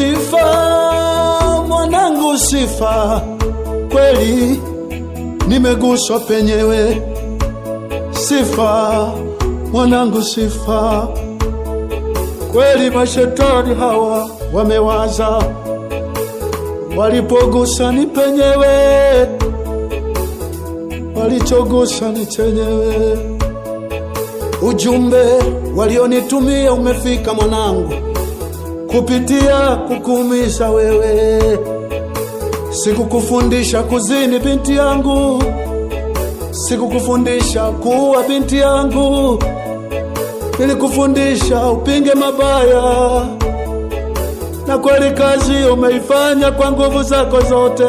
Sifa mwanangu, sifa kweli, nimeguswa penyewe. Sifa mwanangu, sifa kweli, mashetani hawa wamewaza, walipogusa ni penyewe, walichogusa ni chenyewe. Ujumbe walionitumia umefika mwanangu kupitia kukumisha wewe, sikukufundisha kuzini binti yangu, sikukufundisha kuwa binti yangu, nilikufundisha upinge mabaya, na kweli kazi umeifanya kwa nguvu zako zote.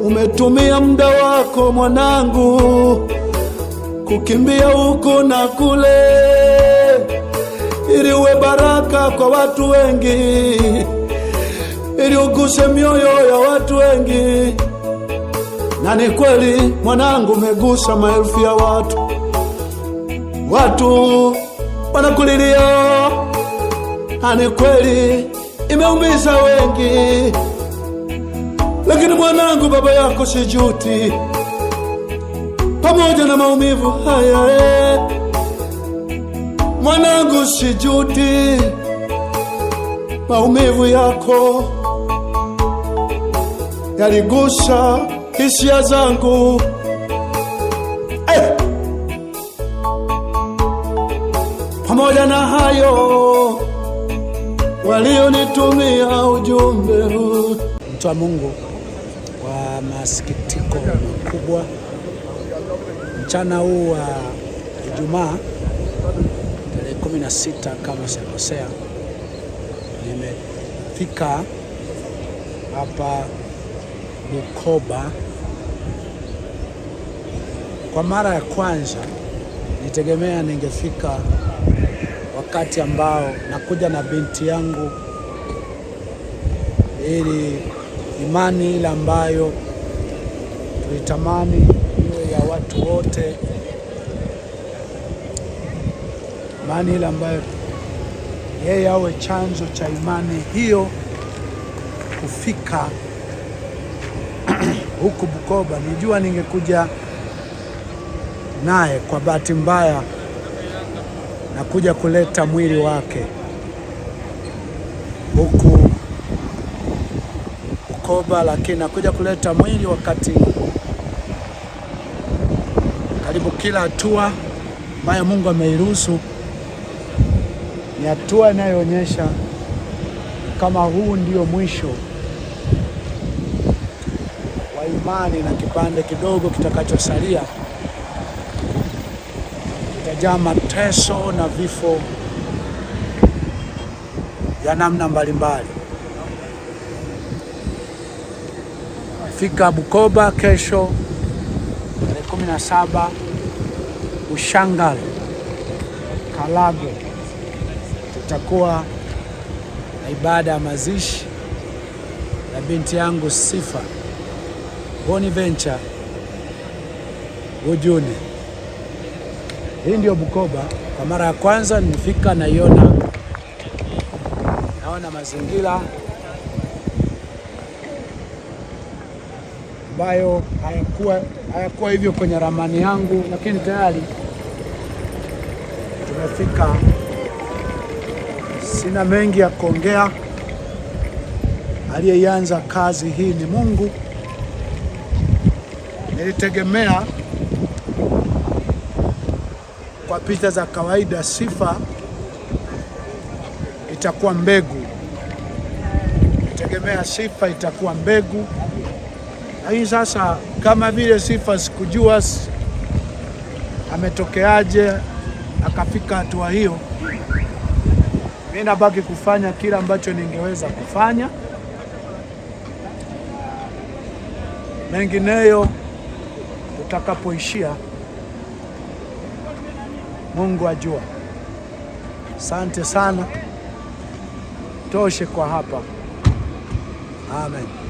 Umetumia muda wako mwanangu, kukimbia huku na kule ili uwe baraka kwa watu wengi, ili uguse mioyo ya watu wengi. Na ni kweli mwanangu, umegusa maelfu ya watu, watu wanakulilia. Na ni kweli imeumiza wengi, lakini mwanangu, baba yako sijuti, pamoja na maumivu haya eh mwanangu, sijuti maumivu yako yaligusa hisia zangu hey! Pamoja na hayo walionitumia ujumbe huu, mtu wa Mungu, kwa masikitiko makubwa mchana huu wa Ijumaa sita kama sijakosea, nimefika hapa Bukoba kwa mara ya kwanza. Nitegemea ningefika wakati ambao nakuja na binti yangu, ili imani ile ambayo tulitamani iwe ya watu wote imani ile ambayo yeye awe chanzo cha imani hiyo kufika huku Bukoba. Nijua ningekuja naye, kwa bahati mbaya na kuja kuleta mwili wake huku Bukoba, lakini nakuja kuleta mwili wakati karibu kila hatua ambayo Mungu ameiruhusu ni hatua inayoonyesha kama huu ndio mwisho wa imani na kipande kidogo kitakachosalia kitajaa mateso na vifo ya namna mbalimbali. Fika Bukoba kesho tarehe 17 Ushangal Kalago kutakuwa na ibada ya mazishi na binti yangu Sifa Bonaventure gujuni Hii ndio Bukoba. Kwa mara ya kwanza nimefika, naiona, naona mazingira ambayo hayakuwa hayakuwa hivyo kwenye ramani yangu, lakini tayari tumefika. Sina mengi ya kuongea. aliyeanza kazi hii ni Mungu. Nilitegemea kwa picha za kawaida sifa itakuwa mbegu, nilitegemea sifa itakuwa mbegu, lakini sasa kama vile sifa sikujua ametokeaje akafika hatua hiyo mimi nabaki kufanya kile ambacho ningeweza kufanya, mengineyo utakapoishia Mungu ajua. Asante sana, toshe kwa hapa. Amen.